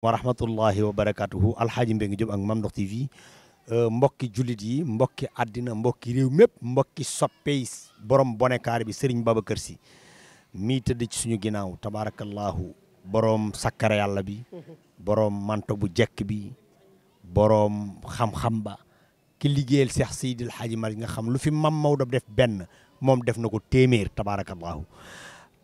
wa rahmatullahi wa barakatuhu alxaaji Mbengue Diop ak Mame Ndokh TV euh, mbokki jullit yi mbokki àddina mbokki réew mépp mbokki soppey borom bonekaar bi baba kër si mii tëdd ci suñu ginnaaw tabaarakallaahu boroom sakkara yàlla bi borom manto bu jekk bi boroom xam-xam ba ki liggéeyal Cheikh Seydil Hadji Malick nga xam lu fi mam Maodo def benn moom def na ko téeméer tabaarakallaahu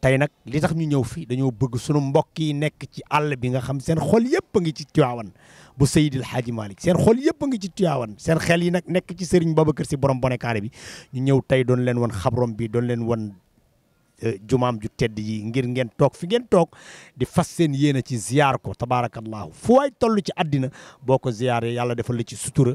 tey nag li tax ñu ñëw fii dañoo bëgg sunu mbokk yi nekk ci àll bi nga xam seen xol yëpp a ngi ci Tiwaawan bu Seydil Hadji Malick seen xol yëpp a ngi ci Tiwaawan seen xel yi nag nekk ci Serigne Babacar Sy borom bonekaane bi ñu ñëw tey doon leen wan xabrom bi doon leen wan euh, jumaam ju tedd yi ngir ngeen toog fi ngeen toog di fas seen yéene ci ziyaar ko tabaarakallaahu foo ay toll ci àddina boo ko ziyaaree yàlla defal la ci sutura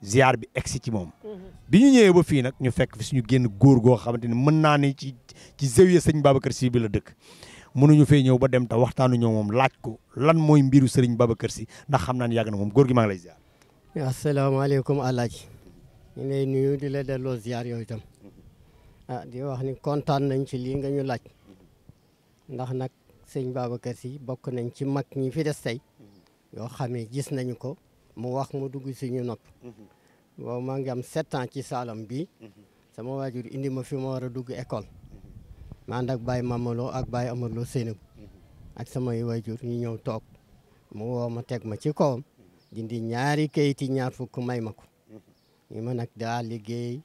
ziyaar bi egsi ci moom mm-hmm. ci ci zawiya sëñ kër si bi la dëkk mënuñu fee ñëw ba dem te waxtaanu ñoo moom laaj ko lan mooy mbiru sëriñ kër Sy ndax xam naan yàgg na moom góor gi maa ngi lay ziar. asalaamaaleykum alaaji ñu lay di la delloo ziar yooyu itam ah, di wax ni kontaan nañ ci lii nga laaj ndax nag sëñ Babacar Sy bokk nañ ci mag ñi fi des tey yoo xamee gis nañu ko mu wax mu dugg suñu nopp boobu maa ngi am sept ans ci saalam bi mm-hmm. sama waajur indi ma fi ma war a dugg école ma ànd ak Baye Mamaloo ak Baye Amadou Sénégal mm-hmm. ak samay wayjur ñu ñëw toog mu woo ma teg ma ci kawam mm-hmm. dindi ñaari kayiti ñaar fukk may ma ko ñu mm-hmm. ma nag daa liggéey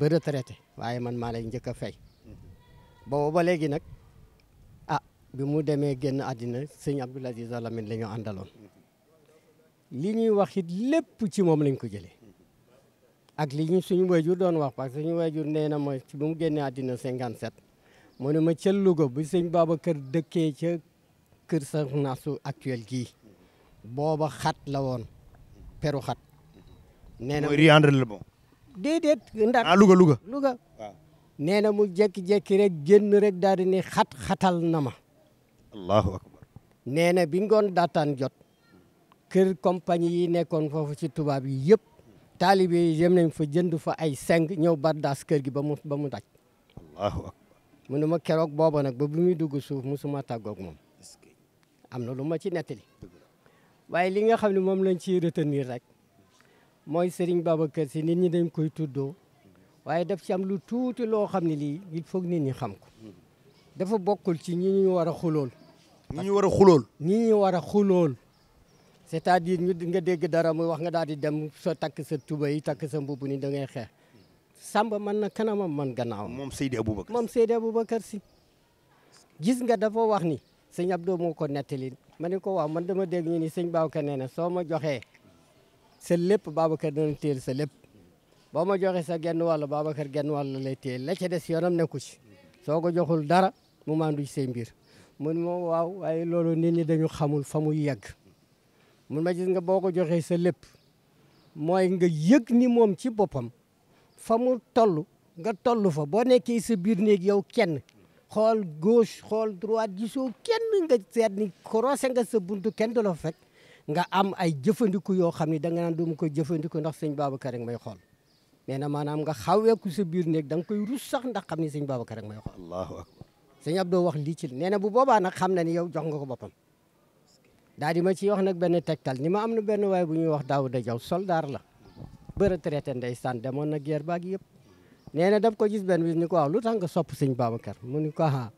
ba retraité waaye man maa lay njëkk a fay boobu ba léegi nag ah bi mu demee génn addina sëñ Abdoul Aziz Al Amine la ñu àndaloon li ñuy wax it lépp ci moom lañ ko jëlee ak li ñu suñu wayjur doon wax parce que suñu wayjur nee na mooy ci bi mu génnee àddina mu ne ma ca Louga bu sëñ kër dëkkee ca kër sa nasu actuel gii booba xat la woon peru xat. nee na mooy Riandre la bon. déedéet ndax ah Louga Louga. Louga nee na mu jékki-jékki rek génn rek daal ni xat xatal na ma. allahu akbar. nee na bi ngoon daataan jot. kër compagnie yi nekkoon foofu ci tubaab yi yëpp. taalibe yi yem nañ fa jënd fa ay seng ñëw bardaas kër gi ba mu ba daj. mu ne ma keroog booba nag ba bu muy dugg suuf musuma tàggoog moom am na lu ma ci nettali waaye li nga xam ne moom lañ ciy retenir rek mooy Serigne Babacar Sy nit ñi dañ koy tuddoo waaye daf ci am lu tuuti loo xam ne lii il faut nit ñi xam ko dafa bokkul ci ñi ñu war a xulool ñi war a xulool ñi war a xulool c'est-à-dire ñu nga dégg dara muy wax nga daal di dem sa takk sa tuba yi takk sa mbubb ni da ngay xeex Samba man na kanamam man gannaawam. moom Seydi Aboubacar moom Seydi Aboubacar si. gis nga dafa wax ni sëñ Abdou moo ko nettali ma ne ko waaw man dama dégg ñu ni sëñ Babacar nee na soo ma joxee sa lépp Babacar dana téel sa lépp boo ma joxee sa genn wàll Babacar genn wàll lay téel la ca des yoonam nekku ci soo ko joxul dara mu maandu ci say mbir mun moom waaw waaye loolo nit ñi dañu xamul fa muy yegg mun ma gis nga boo ko joxee sa lépp mooy nga yëg ni moom ci boppam fa mu toll nga toll fa boo nekkee sa biir néeg yow kenn xool gauche xool droite gisoo kenn nga seet ni croisé nga sa buntu kenn du la fa fekk nga am ay jëfandiku yoo xam ne da nga naan doomu ko jëfandiku ndax sëñ Babacar rek may xool nee na maanaam nga xaweeku sa biir néeg da nga koy rus sax ndax xam ne sëñ Babacar rek may xool. allahu akbar sëñ wax lii ci nee na bu boobaa nag xam na ni yow jox nga ko boppam. daal di ma ciy wax nag benn tegtal ni ma am na benn waay bu ñuy wax Daouda Diaw soldaar la. ba ndey san demoon na guerre baag yëpp nee na daf ko gis benn bis ni ko waaw lu tax nga sopp sëñ Babacar mu ni ko ah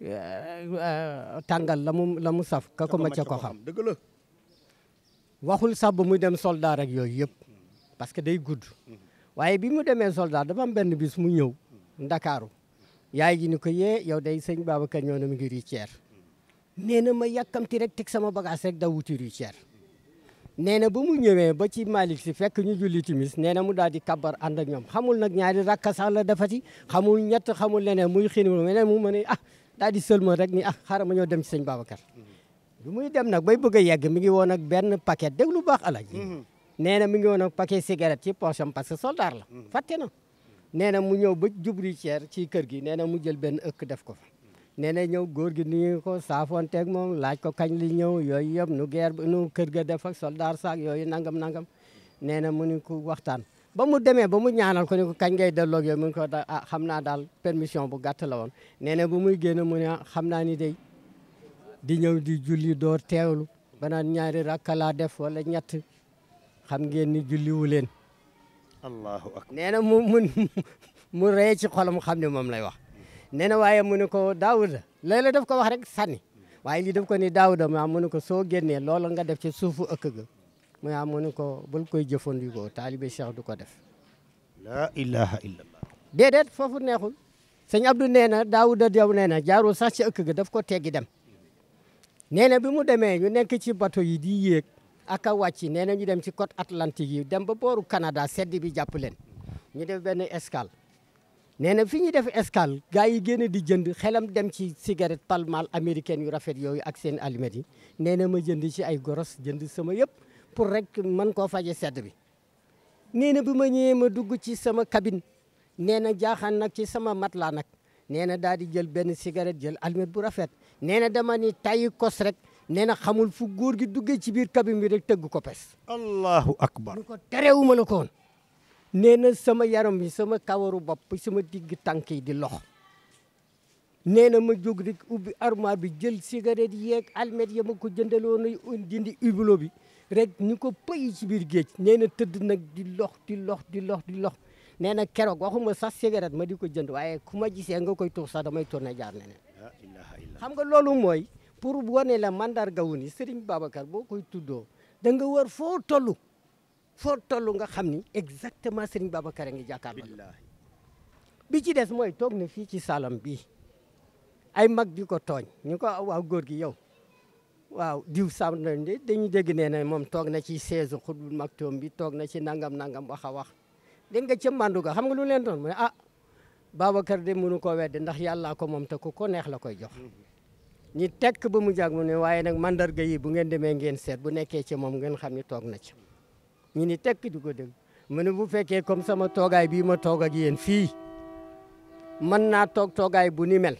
eh, tàngal la mu la mu saf ka ko ma ko xam waxul sax ba muy dem soldaar ak yooyu yëpp parce que day gudd waaye bi mu demee soldat dafa am benn bis mu ñëw ndakaaru yaay ji ni ko yee yow day sëñ Babacar ñoo na mu ngi Richard nee na ma yàkkamti rek teg sama bagage rek da wuti Richard nee na ba mu ñëwee ba ci Malick si fekk ñu julli timis nee na mu daal di kabar ànd ak ñoom xamul nag ñaari rakka sax la defati xamul ñett xamul leneen muy xiin mu ne mu mën a ah daal di sëlma rek ni ah xaaral ma ñoo dem ci sëñ Babacar lu muy dem nag bay bëgg a yegg mi ngi woo nag benn paquet dégg lu baax alaj mhm. nee na mi ngi woon ak paquet cigarette ci poche am parce que soldat la mhm. fàtte na nee na mu ñëw ba jubli ceer ci kër gi nee na mu jël benn ëkk def ko fa nee na ñëw góor gi nuyu ko saafoonteeg moom laaj ko kañ li ñëw yooyu yëpp nu geer nu kër ga def ak soldaar saak yooyu nangam nangam nee na mu ni ko waxtaan ba mu demee ba mu ñaanal ko ni ko kañ ngay delloo yooyu mu ngi ko ah xam naa daal permission bu gàtt la woon nee na bu muy génn mu ne ah, xam naa ni day di ñëw di julli door teewlu ba naan ñaari laa def wala ñett xam ngeen ni julliwu leen allahu akbar nee na mu mu ci xolam xam ne moom lay wax nee na waaye mu ne ko Daouda léeg-léeg daf ko wax rek sànni waaye lii daf ko ni Daouda maa mu ne ko soo génnee loolu nga def ci suufu ëkk ga mu yaa mu ne ko bul koy jëfandikoo taalibe du ko def. la ilaha foofu neexul. sëñ Abdou nee na Daouda Diaw nee na jaarul sax ci ëkk daf ko teggi dem nee na bi mu demee ñu nekk ci bateau yi di yéeg ak a wàcc nee na ñu dem ci côte atlantique yi dem ba booru Canada sedd bi jàpp leen ñu def benn escale. nee na fi ñuy def escale gars yi génn di jënd xelam dem ci cigarette palmal américaine yu rafet yooyu ak seen allumettes yi nee na ma jënd ci ay goros jënd sama yëpp pour rek man koo faje sedd bi nee na bi ma ñëwee ma dugg ci sama cabine nee na jaaxaan nag ci sama mat laa nag nee na daal di jël benn cigarette jël allumette bu rafet nee na dama ni tayi kos rek nee na xamul fu góor gi duggee ci biir cabine bi rek tëgg ko pes allahu akbar lu ko terewuma la ko nee na sama yaram bi sama kawaru bopp sama digg tànk yi di lox nee na ma jóg rek ubbi armoire bi jël cigarette yeeg almet ya ma ko jëndaloon dindi hublot bi rek ñu ko pëy ci biir géej nee tëdd nag di lox di lox di lox di lox nee na keroog waxuma sax cigarette ma di ko jënd waaye ku ma gisee nga koy tuux sax damay na jaar neneen xam nga loolu mooy pour wane la mandarga wu ni Serigne Babacar boo koy tuddoo da nga war foo toll foo tollu nga xam ni exactement Serigne Babacar a ngi jàkkaarloo bi ci des mooy toog na fii ci salam bii ay mag di ko tooñ ñu ko waaw góor gi yow waaw diw sam na dañu dégg nee na moom toog na ci seize xutbul maktoom bi toog na ci nangam nangam wax a wax dégg nga ca mandu ga xam nga lu leen doon mu ne ah Babacar de mënu koo wedde ndax yàllaa ko moom te ku ko neex la koy jox mm-hmm. ñi tekk ba mu jàg mu ne waaye nag mandarga yi bu ngeen demee ngeen seet bu nekkee ci moom ngeen xam ni toog na ci ñu ni tekk di ko dégg mu ne bu fekkee comme sama toogaay bii ma tooga ji yéen fii mën naa toog toogaay bu ni mel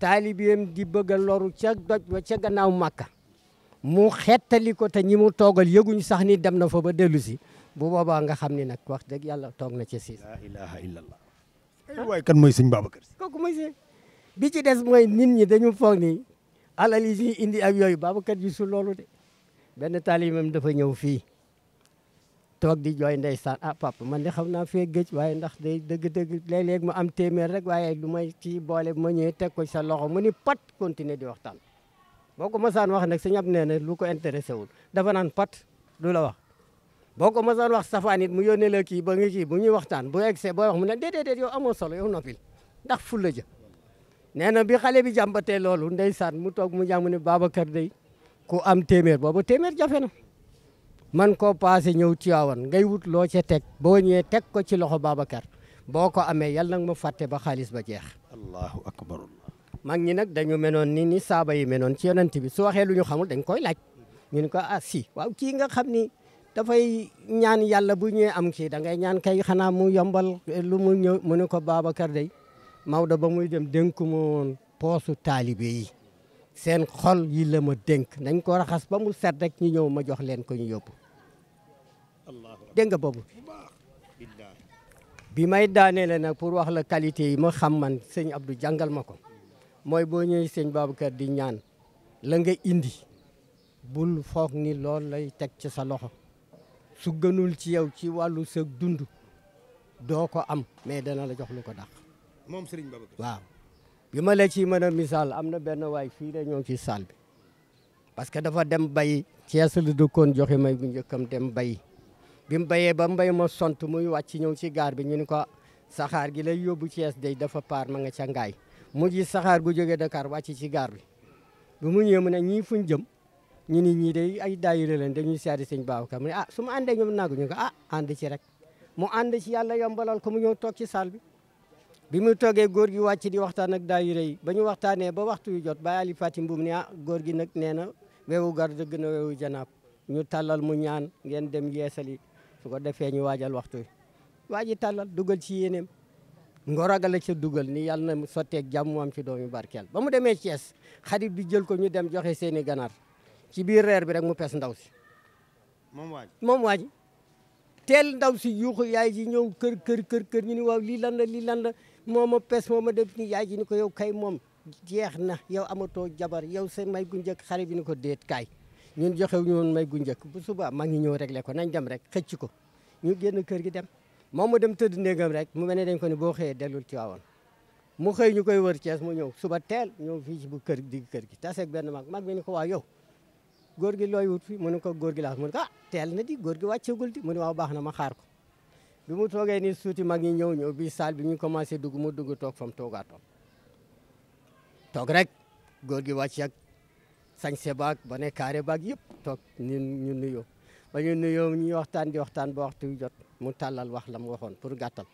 taalibeem di bëgg a loru ca doj ba ca gannaaw màkka mu xettali ko te ñi mu toogal yëguñ sax ni dem na fa ba dellu si bu boobaa nga xam ni nag wax dëgg yàlla toog na ca siis la mooy sëñ Babacar Si kooku mooy si bi ci des mooy nit ñi dañu foog ni alal yi indi ak yooyu Babacar ji su loolu de benn taalibeem dafa ñëw fii toog di jooy ndeysaan ah papa man de xam naa fee gëj waaye ndax day dëgg-dëgg léeg-léeg mu am téeméer rek waaye lu may ci boole bu ma ñëwee teg ko sa loxo mu ni pat continuer di waxtaan boo ko masaan wax nag sëñ ab nee na lu ko intéressé wul dafa naan pat du la wax boo ko masaan wax safaan it mu yónnee la kii ba nga kii bu ñuy waxtaan bu egsee booy wax mu ne déedéet déet yow solo yow noppil ndax fulla ja nee na bi xale bi jàmbatee loolu ndeysaan mu toog mu jàmm ne Babacar de ku am téeméer boobu téeméer jafe na man koo paase ñëw Tiwaawan ngay wut loo ca teg boo ñëwee teg ko ci loxo Babacar boo ko amee yàlla nag ma fàtte ba xaalis ba jeex. allahu akbar. mag ñi nag dañu menoon ni ni saaba yi menoon ci yonent bi su waxee lu ñu xamul dañ koy laaj ñu ko ah si waaw kii nga xam ni dafay ñaan yàlla bu ñëwee am kii da ngay ñaan kay xanaa mu yombal lu mu ñëw mu ne ko Babacar day Maodo ba muy dem dénku ma poosu taalibe yi. seen xol yi ma dénk nañ ko raxas ba mu set rek ñu ñëw ma jox leen ko ñu yóbbu dégg nga boobu bi may daaneele nag pour wax la qualité yi ma xam man sëñ Abdou jàngal ma ko mooy boo ñëwee sëñ Babacar di ñaan la nga indi bul foog ni lool lay teg ci sa loxo su gënul ci yow ci wàllu sëg dund doo ko am mais dana la jox lu ko dàq moom sëriñ bi ma la ci mën a misaal am na benn waay fii de ñoo ngi ci saal bi parce que dafa dem bay Cees la dëkkoon joxe may bu njëkkam dem bay bi mu bayee ba mbay ma sont muy wàcc ñëw si gaar bi ñu ni ko saxaar gi lay yóbbu Cees day dafa paar ma nga ca ngaay mu ji saxaar gu jógee Dakar wàcc ci gaar bi bi mu ñëwee mu ne ñii fuñ jëm ñu ni ñii day ay daayira leen dañuy seeti sëñ Babacar mu ne ah su ma àndee ñoom naagu ko a ah, ànd ci rek mu ànd ci yàlla yombalal ko mu ñëw toog ci bi mu toogee góor gi wàcc di waxtaan ak daayira ba ñu waxtaanee ba waxtu yu jot Baye Ali Fatim Mbuub ne ah góor gi nag nee na weewu gar dëgg na weewu janaab ñu tàllal mu ñaan ngeen dem yeesali su ko defee ñu waajal waxtu yi waa ji tàllal dugal ci yéeneem ngoraga la ca dugal ni yàlla na sotteeg jàmm mu am ci doomi barkeel ba mu demee Thiès xarit bi jël ko ñu dem joxe seeni ganaar ci biir reer bi rek mu pes ndaw si moom waa ji teel ndaw si yuuxu yaay ji ñëw kër kër kër ñu ni waaw la lan la moo ma pes moom ma def ni yaay ji ni ko yow kay moom jeex na yow amatoo jabar yow sa may gu njëkk xale bi ni ko deet kaay ñun joxew ñoon may gu njëkk bu subaa maa ngi ñëw réglé ko nañ dem rek xëcc ko ñu génn kër gi dem moom ma dem tëdd néegam rek mu mel ne dañ ko ne boo xëyee dellul ci waawoon mu xëy ñu koy wër Thiès mu ñëw suba teel ñëw fii ci bu kër digg kër gi taseeg benn mag mag bi ni ko waa yow góor gi looy wut fi mu ne ko góor gi laa mu ne ah, teel na di góor gi wàccegul di mu ne waaw baax na ma xaar ko bi mu toogee ni suuti mag ñi ñëw ñëw bi saal bi ñu commencé dugg mu dugg toog fam mu toogaatoon toog rek góor gi wàcc ak sañse baag ba ne carré baag yëpp toog ñu ñu nuyoo ba ñu nuyoo ñu waxtaan di waxtaan ba waxtu jot mu tàllal wax la mu waxoon pour gàttal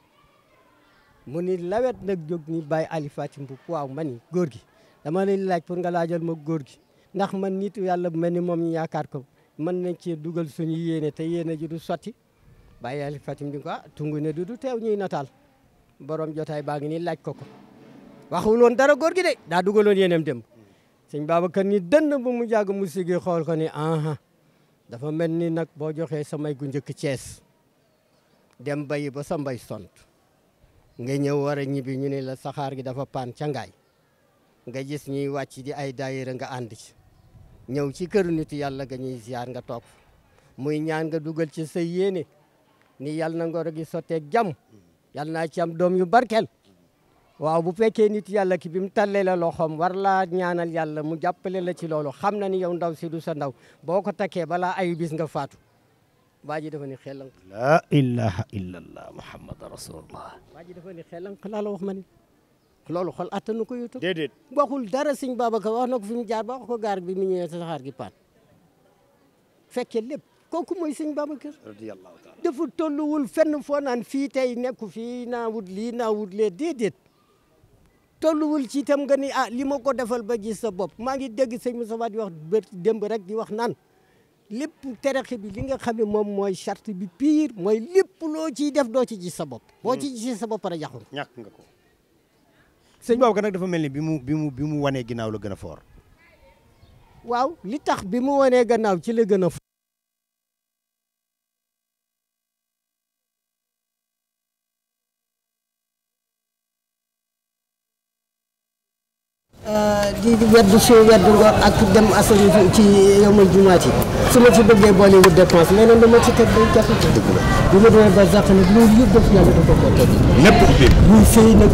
mu ni lawet nag jóg ni bàyyi alifati mbu waaw ma ni góor gi dama laaj pour nga laajal ma góor gi ndax man nitu yàlla mel ni moom ñu yaakaar ko mën nañ cee dugal suñu yéene te yéene ji du sotti Baye Aliou Fatim di ko ah, du du teew ñuy nataal borom jotaay baa ngi nii laaj ko ko waxul woon dara góor gi de daa dugaloon yéenam dem sëñ Babacar ni dënn bu mu jàgg mu sigi xool ko ni aha dafa mel ni nag boo joxee samay gu njëkk Cees dem bayi ba sa mbay sont nga ñëw war a ñibbi ñu ne la saxaar gi dafa paan cangaay nga gis ñuy wàcc di ay daayira nga ànd ci ñëw ci këru nit yàlla nga ñuy ziar nga toog muy ñaan nga dugal ci sa ni yal na ngoro gi sotteeg jàmm yal naa ci am doom yu barkeel waaw bu fekkee nit yàlla ki bi mu tallee la loxoom war laa ñaanal yàlla mu jàppale la ci loolu xam na ni yow ndaw si du sa ndaw boo ko takkee balaa ayu bis nga faatu waa ji dafa ni xelank la ilaha illallah muhammad rasulullah waa ji dafa ni xelank laa la wax ma ni loolu xol attanu ko yutu déedéet waxul dara sëñ Babacar wax na fi mu jaar ba wax ko gaar bi mu ñëwee saxaar gi paat fekkee lépp kooku mooy sëñ Babacar radiyallahu taala dafa tolluwul fenn foo naan fii tey nekku fii naa wut lii naa wut lee déedéet tolluwul ci itam nga ni a ah, li ma ko defal ba gis sa bopp maa ngi dégg sëñ Moustapha di wax bët démb rek di wax naan lépp terexe bi li nga xam ne moom mooy charte bi pire mooy lépp loo ciy def doo ci gis sa bopp boo ci hmm. gis sa bopp pare ñàkk nga ko sëñ Babacar nag dafa mel ni bi mu bi mu bi ginnaaw la gën a foor waaw li tax bi mu wanee gannaaw ci la gën a di weddu su weddu ngoor ak dem asali ci yow ma jumaat yi su ma ci bëggee boole wu dépense leneen dama ci teg day jafe ci dëgg la bu ma yëpp daf yàlla da ko ko teg lépp buy fay nag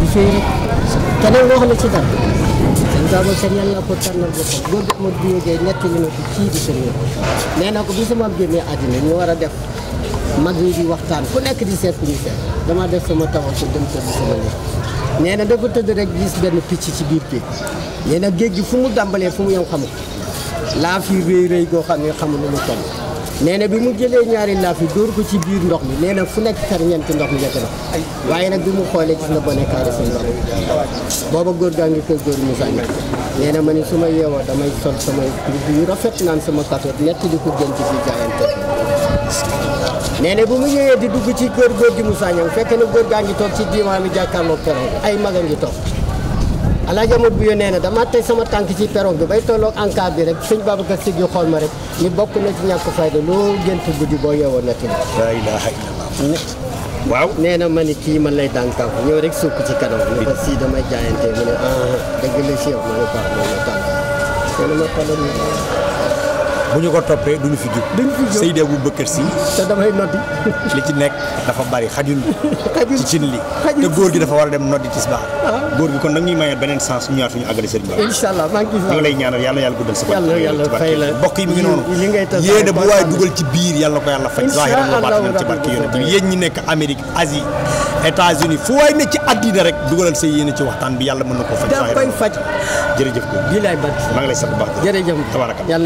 di fay rek keneen wax na ci nekk ne ko kii di sëriñ nee na ko bi sama génnee àddina ñu war a def mag ñi di waxtaan ku nekk di seet ku ñu seet dama def sama tawasul dem tëdd sama nekk nee na dafa tëdd rek gis benn picc ci biir géej nee na géej gi fu mu dàmbalee fu mu yem xamul laaf yi rëy rëy goo xam ne xamul lu mu toll nee bi mu jëlee ñaari laaf yi dóor ko ci biir ndox mi nee na fu nekk kar ñeenti ndox mi nekk na waaye nag bi mu xoolee gis na bone kaare seen ndox booba góor gaa ngi koy góor Moussa Niass nee na ma ne su ma yeewoo damay sol sama yu rafet naan sama café nekk di ko gën ci biir jaayante nee na bu mu ñëwee di dugg ci kër góor gi Moussa Niang fekk na góor gaa ngi toog ci diiwaan bi jàkkaarloog perron ay mag a ngi toog alaaji bu yo nee na dama tey sama tànk ci perron bi bay tolloog ANCAR bi rek sëñ Babacar Sy gi xool ma rek ni bokk na ci ñàkk fayda loolu gént guddi boo yeewoon na tamit laa ilaaha illallaah waaw nee na ma ni man lay dànkaaf ñëw rek sukk ci kanam ne ko si damay jaayante mu ne ah dëgg la si yow ma ne ko ah, tànk bu ñu ko toppee du ñu fi ci nekk dafa bari xajul. ci cin li. te a dem noddi ci tisbaar. Ah. góor gi kon nag ñuy maye beneen sens ñu ñaar fi ñu àggale sa bopp. bokk yi noonu. li bu waay dugal ci biir yàlla ko yàlla faj. incha allah waaw ci barke yonent bi yéen ñi nekk Amérique Asie États-Unis fu waay ne ci àddina rek dugalal sa yéene ci waxtaan bi yàlla mën na ko faj. da koy faj jërëjëf ko. bii laay bat maa ngi lay sant bu baax. jërëjëf tabaraka